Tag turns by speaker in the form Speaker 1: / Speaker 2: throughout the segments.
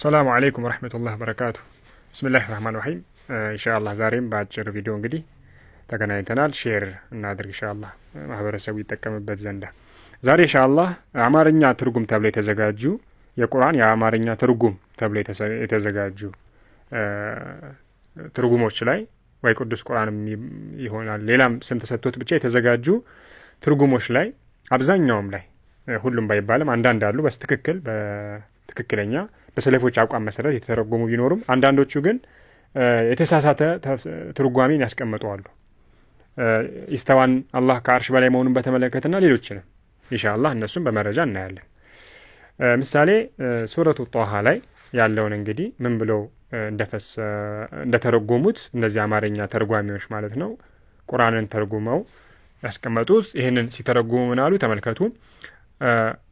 Speaker 1: ሰላሙ አሌይኩም ወረህመቱላህ በረካቱ። ብስሚላህ ራህማን ራሂም። ኢንሻአላህ ዛሬም በአጭር ቪዲዮ እንግዲህ ተገናኝተናል። ሼር እናድርግ ኢንሻአላህ ማህበረሰቡ ይጠቀምበት ዘንዳ። ዛሬ ኢንሻአላህ አማርኛ ትርጉም ተብሎ የተዘጋጁ የቁርአን የአማርኛ ትርጉም ተብሎ የተዘጋጁ ትርጉሞች ላይ ወይ ቅዱስ ቁርአን ይሆናል ሌላም ስም ተሰጥቶት ብቻ የተዘጋጁ ትርጉሞች ላይ አብዛኛውም ላይ ሁሉም ባይባልም አንዳንድ አሉ በስትክክል ትክክለኛ በሰለፎች አቋም መሰረት የተተረጎሙ ቢኖሩም አንዳንዶቹ ግን የተሳሳተ ትርጓሜን ያስቀምጠዋሉ። ኢስተዋን አላህ ከአርሽ በላይ መሆኑን በተመለከተና ሌሎችንም ኢንሻአላህ እነሱም በመረጃ እናያለን። ምሳሌ ሱረቱ ጧሃ ላይ ያለውን እንግዲህ ምን ብለው እንደተረጎሙት እነዚህ አማርኛ ተርጓሚዎች ማለት ነው ቁርአንን ተርጉመው ያስቀመጡት ይህንን ሲተረጉሙ ምናሉ ተመልከቱ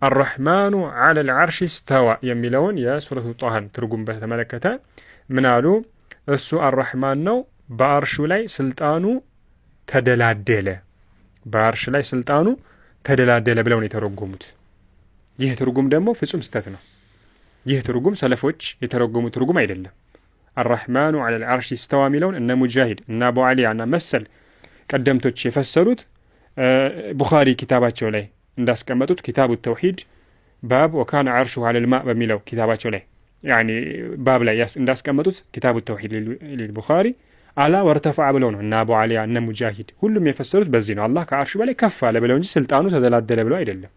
Speaker 1: አረሕማኑ አለ ልዓርሽ ስተዋ የሚለውን የሱረቱ ጣሃን ትርጉም በተመለከተ ምን አሉ? እሱ አረሕማን ነው፣ በአርሹ ላይ ስልጣኑ ተደላደለ፣ በአርሽ ላይ ስልጣኑ ተደላደለ ብለው ነው የተረጎሙት። ይህ ትርጉም ደግሞ ፍጹም ስተት ነው። ይህ ትርጉም ሰለፎች የተረጎሙት ትርጉም አይደለም። አረሕማኑ አለ ልዓርሽ ስተዋ የሚለውን እነ ሙጃሂድ እና አቡ አሊያ እና መሰል ቀደምቶች የፈሰሩት ቡኻሪ ኪታባቸው ላይ እንዳስቀመጡት ኪታቡ ተውሂድ ባብ ወካነ አርሹ አለልማ በሚለው ኪታባቸው ላይ ባብ ላይ እንዳስቀመጡት ኪታቡ ተውሂድ ቡኻሪ አላ ወርተፋ ብለው ነው እና አቡ አሊያ እነ ሙጃሂድ ሁሉም የፈሰሩት በዚህ ነው። አላህ ከአርሹ በላይ ከፍ አለ ብለው እንጂ ስልጣኑ ተደላደለ ብለው አይደለም።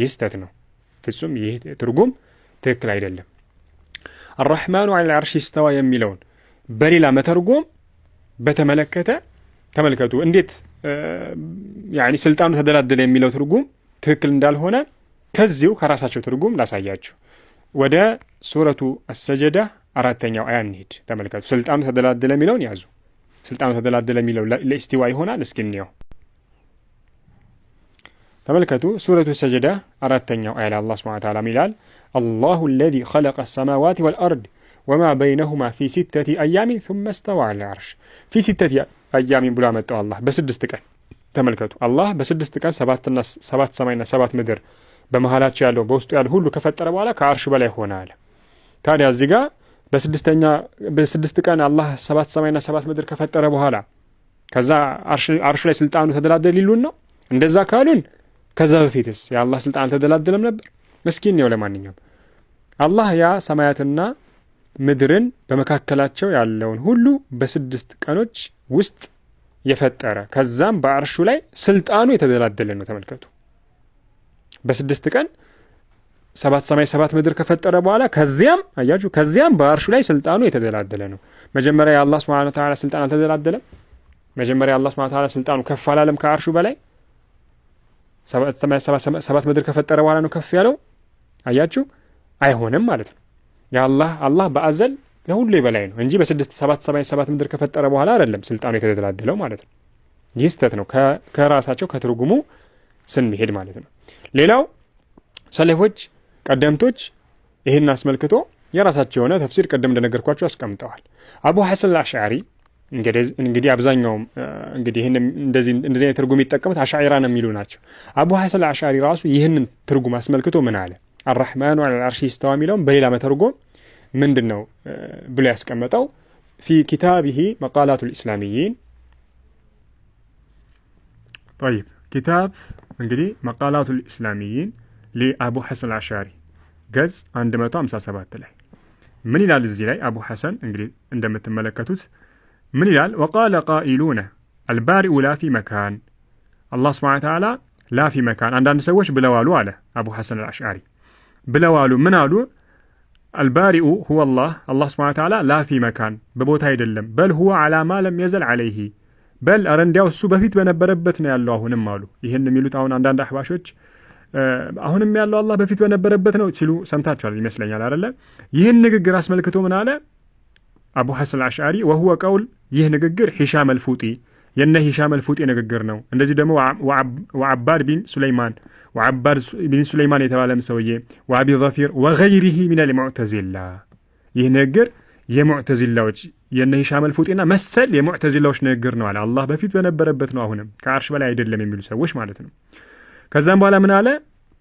Speaker 1: ይህ ስተት ነው። ፍጹም ይህ ትርጉም ትክክል አይደለም። አራሕማኑ አላ አርሽ ስተዋ የሚለውን በሌላ መተርጎም በተመለከተ ተመልከቱ እንዴት ስልጣኑ ተደላደለ የሚለው ትርጉም تكل ندال هنا كزيو كراسا شو ترقوم لاسا ياجو ودا سورة السجدة أراتني أو آيان نهيد تملكات سلطان سدلا دلا ميلون يازو سلطان سدلا دلا ميلون لإستواي هنا لسكنيو تملكتو سورة السجدة أراتني أو آيان الله سبحانه وتعالى ميلال الله الذي خلق السماوات والأرض وما بينهما في ستة أيام ثم استوى على العرش في ستة أيام بلا الله بس الدستقان ተመልከቱ። አላህ በስድስት ቀን ሰባትና ሰባት ሰማይና ሰባት ምድር በመሀላቸው ያለው በውስጡ ያለ ሁሉ ከፈጠረ በኋላ ከአርሹ በላይ ሆነ አለ። ታዲያ እዚህ ጋር በስድስተኛ በስድስት ቀን አላህ ሰባት ሰማይና ሰባት ምድር ከፈጠረ በኋላ ከዛ አርሹ ላይ ስልጣኑ ተደላደል ይሉን ነው። እንደዛ ካሉን ከዛ በፊትስ የአላህ ስልጣን አልተደላደለም ነበር? ምስኪን ነው። ለማንኛውም አላህ ያ ሰማያትና ምድርን በመካከላቸው ያለውን ሁሉ በስድስት ቀኖች ውስጥ የፈጠረ ከዛም በአርሹ ላይ ስልጣኑ የተደላደለ ነው። ተመልከቱ። በስድስት ቀን ሰባት ሰማይ ሰባት ምድር ከፈጠረ በኋላ ከዚያም አያችሁ፣ ከዚያም በአርሹ ላይ ስልጣኑ የተደላደለ ነው። መጀመሪያ የአላህ ስብሐነ ወተዓላ ስልጣን አልተደላደለም። መጀመሪያ የአላህ ስብሐነ ወተዓላ ስልጣኑ ከፍ አላለም ከአርሹ በላይ ሰባት ምድር ከፈጠረ በኋላ ነው ከፍ ያለው። አያችሁ፣ አይሆንም ማለት ነው። የአላህ አላህ በአዘል ከሁሉ የበላይ ነው እንጂ በስድስት ሰባት ሰማንያ ሰባት ምድር ከፈጠረ በኋላ አይደለም ስልጣኑ የተደላደለው ማለት ነው። ይህ ስህተት ነው ከራሳቸው ከትርጉሙ ስንሄድ ማለት ነው። ሌላው ሰለፎች ቀደምቶች ይህን አስመልክቶ የራሳቸው የሆነ ተፍሲር ቅድም እንደነገርኳቸው አስቀምጠዋል። አቡ ሐሰን አልአሽዓሪ እንግዲህ አብዛኛውም እንግዲህ ይህን እንደዚህ አይነት ትርጉም የሚጠቀሙት አሻዒራ ነው የሚሉ ናቸው። አቡ ሐሰን አልአሽዓሪ ራሱ ይህንን ትርጉም አስመልክቶ ምን አለ? አራሕማኑ ዐለል ስተዋ የሚለውም በሌላ መተርጎም ምንድን ነው ብሎ ያስቀመጠው ፊ ኪታቢሂ መቃላቱ ልእስላሚይን ጠይብ ኪታብ እንግዲህ መቃላቱ ልእስላሚይን ለአቡ ሐሰን አሻሪ ገጽ 157 ላይ ምን ይላል? እዚህ ላይ አቡ ሐሰን እንግዲህ እንደምትመለከቱት ምን ይላል? ወቃለ ቃኢሉነ አልባሪኡ ላፊ መካን አላህ ስብሐነ ተዓላ ላፊ መካን አንዳንድ ሰዎች ብለዋሉ አለ አቡ ሐሰን አልአሽዓሪ ብለዋሉ ምን አሉ? አልባሪኡ ሁወ አላህ አላህ ስብሐነ ተዓላ ላፊ መካን በቦታ አይደለም። በል ሁወ ዓላ ማ ለም የዘል ዓለይሂ በል ኧረ እንዲያው እሱ በፊት በነበረበት ነው ያለው አሁንም አሉ። ይህን የሚሉት አሁን አንዳንድ አህባሾች አሁንም ያለው አላህ በፊት በነበረበት ነው ሲሉ ሰምታችኋል ይመስለኛል አይደለ? ይህን ንግግር አስመልክቶ ምን አለ አቡ ሐሰን አልአሽዓሪ ወሁወ ቀውል ይህ ንግግር ሂሻም አልፉጢ የነ ሂሻም አልፉጤ ንግግር ነው። እንደዚህ ደግሞ ወዓባድ ቢን ሱለይማን ወዓባድ ቢን ሱለይማን የተባለም ሰውዬ ወአቢ ዘፊር ወገይሪሂ ሚነል ሙዕተዚላ ይህ ንግግር የሙዕተዚላዎች የነ ሂሻም አልፉጤና መሰል የሙዕተዚላዎች ንግግር ነው አለ። አላህ በፊት በነበረበት ነው፣ አሁንም ከአርሽ በላይ አይደለም የሚሉ ሰዎች ማለት ነው። ከዛም በኋላ ምን አለ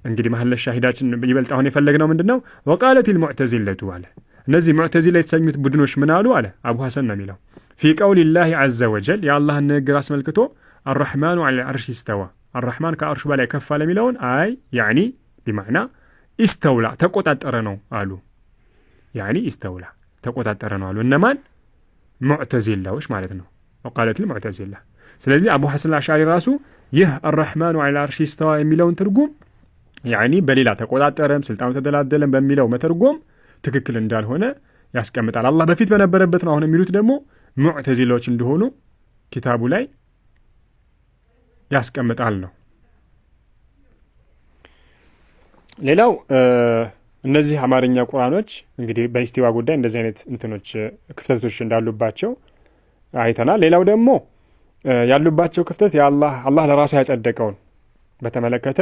Speaker 1: እንግዲህ መሐለ ሻሂዳችን ይበልጥ አሁን የፈለግነው ምንድን ነው? ወቃለት ልሙዕተዚለቱ አለ። እነዚህ ሙዕተዚላ የተሰኙት ቡድኖች ምን አሉ አለ። አቡ ሐሰን ነው የሚለው ፊ ቀውል ላህ ወጀል የአላህን ንግግር አስመልክቶ አራሕማኑ ዐለ ልዐርሽ ይስተዋ አራሕማን ከአርሹ በላይ ከፍ አለ የሚለውን አይ ያዕኒ ቢማዕና ኢስተውላ ተቆጣጠረ ነው አሉ። ያዕኒ ኢስተውላ ተቆጣጠረ ነው አሉ። እነማን ሙዕተዚላዎች ማለት ነው። ወቃለትል ሙዕተዚላ። ስለዚህ አቡ ሐሰን አሻሪ ራሱ ይህ አራሕማኑ ዐለ ልዐርሽ ይስተዋ የሚለውን ትርጉም ያዕኒ በሌላ ተቆጣጠረም ስልጣኑ ተደላደለም በሚለው መተርጎም ትክክል እንዳልሆነ ያስቀምጣል። አላህ በፊት በነበረበት ነው አሁን የሚሉት ደግሞ ሙዕተዚሎች እንደሆኑ ኪታቡ ላይ ያስቀምጣል ነው። ሌላው እነዚህ አማርኛ ቁርአኖች እንግዲህ በኢስቲዋ ጉዳይ እንደዚህ አይነት እንትኖች ክፍተቶች እንዳሉባቸው አይተናል። ሌላው ደግሞ ያሉባቸው ክፍተት የአላህ አላህ ለራሱ ያጸደቀውን በተመለከተ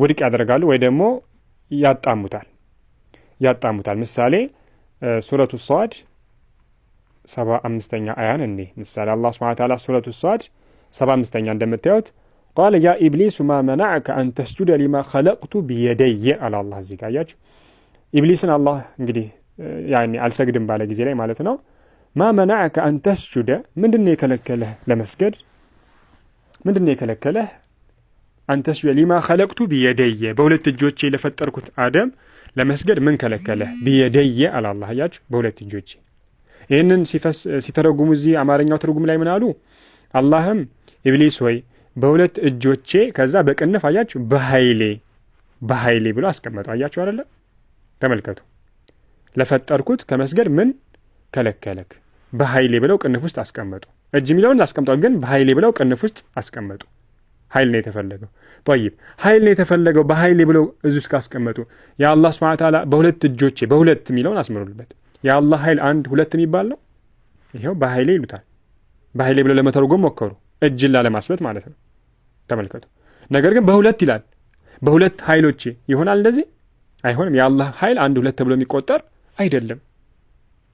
Speaker 1: ውድቅ ያደርጋሉ ወይ ደግሞ ያጣሙታል ያጣሙታል። ምሳሌ ሱረቱ ሰዋድ ሰባ አምስተኛ አያን እኔ ምሳሌ አላህ ስብሐነ ተዓላ ሱረቱ ሰዓድ ሰባ አምስተኛ እንደምታዩት ቃለ ያ ኢብሊሱ ማ መናዕከ አን ተስጁደ ሊማ ኸለቅቱ ብየደየ አለ አላ እዚህ ጋር አያችሁ ኢብሊስን አላህ እንግዲህ ያኔ አልሰግድም ባለ ጊዜ ላይ ማለት ነው። ማ መናዕከ አን ተስጁደ ምንድን የከለከለህ ለመስገድ? ምንድን የከለከለህ? አን ሊማ ኸለቅቱ ብየደየ በሁለት እጆቼ ለፈጠርኩት አደም ለመስገድ ምን ከለከለህ? ብየደየ አለ አላህ። በሁለት እጆቼ ይህንን ሲተረጉሙ እዚህ አማርኛው ትርጉም ላይ ምን አሉ? አላህም ኢብሊስ ሆይ በሁለት እጆቼ ከዛ በቅንፍ አያችሁ፣ በኃይሌ በኃይሌ ብሎ አስቀመጠው። አያችሁ አይደለ? ተመልከቱ። ለፈጠርኩት ከመስገድ ምን ከለከለክ? በኃይሌ ብለው ቅንፍ ውስጥ አስቀመጡ። እጅ የሚለውን አስቀምጧል፣ ግን በኃይሌ ብለው ቅንፍ ውስጥ አስቀመጡ። ኃይል ነው የተፈለገው። ጠይብ ኃይል ነው የተፈለገው። በኃይሌ ብለው እዚህ ውስጥ ካስቀመጡ የአላህ ስብሐነ ተዓላ በሁለት እጆቼ በሁለት የሚለውን አስምሩልበት። የአላህ ኃይል አንድ ሁለት የሚባል ነው። ይኸው በኃይሌ ይሉታል። በኃይሌ ብለው ለመተርጎም ሞከሩ፣ እጅን ላለማስበት ማለት ነው። ተመልከቱ። ነገር ግን በሁለት ይላል። በሁለት ኃይሎቼ ይሆናል እንደዚህ አይሆንም። የአላህ ኃይል አንድ ሁለት ተብሎ የሚቆጠር አይደለም።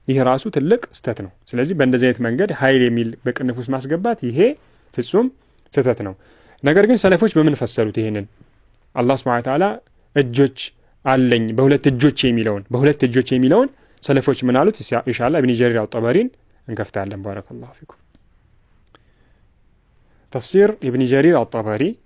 Speaker 1: ይህ ራሱ ትልቅ ስህተት ነው። ስለዚህ በእንደዚህ አይነት መንገድ ኃይል የሚል በቅንፍ ውስጥ ማስገባት ይሄ ፍጹም ስህተት ነው። ነገር ግን ሰለፎች በምን ፈሰሩት? ይህንን አላህ ስብሐነ ወተዓላ እጆች አለኝ በሁለት እጆች የሚለውን በሁለት እጆች የሚለውን سلفوش منالو إن شاء الله ابن جرير أو طبرين انكفت علم بارك الله فيكم تفسير ابن جرير الطبري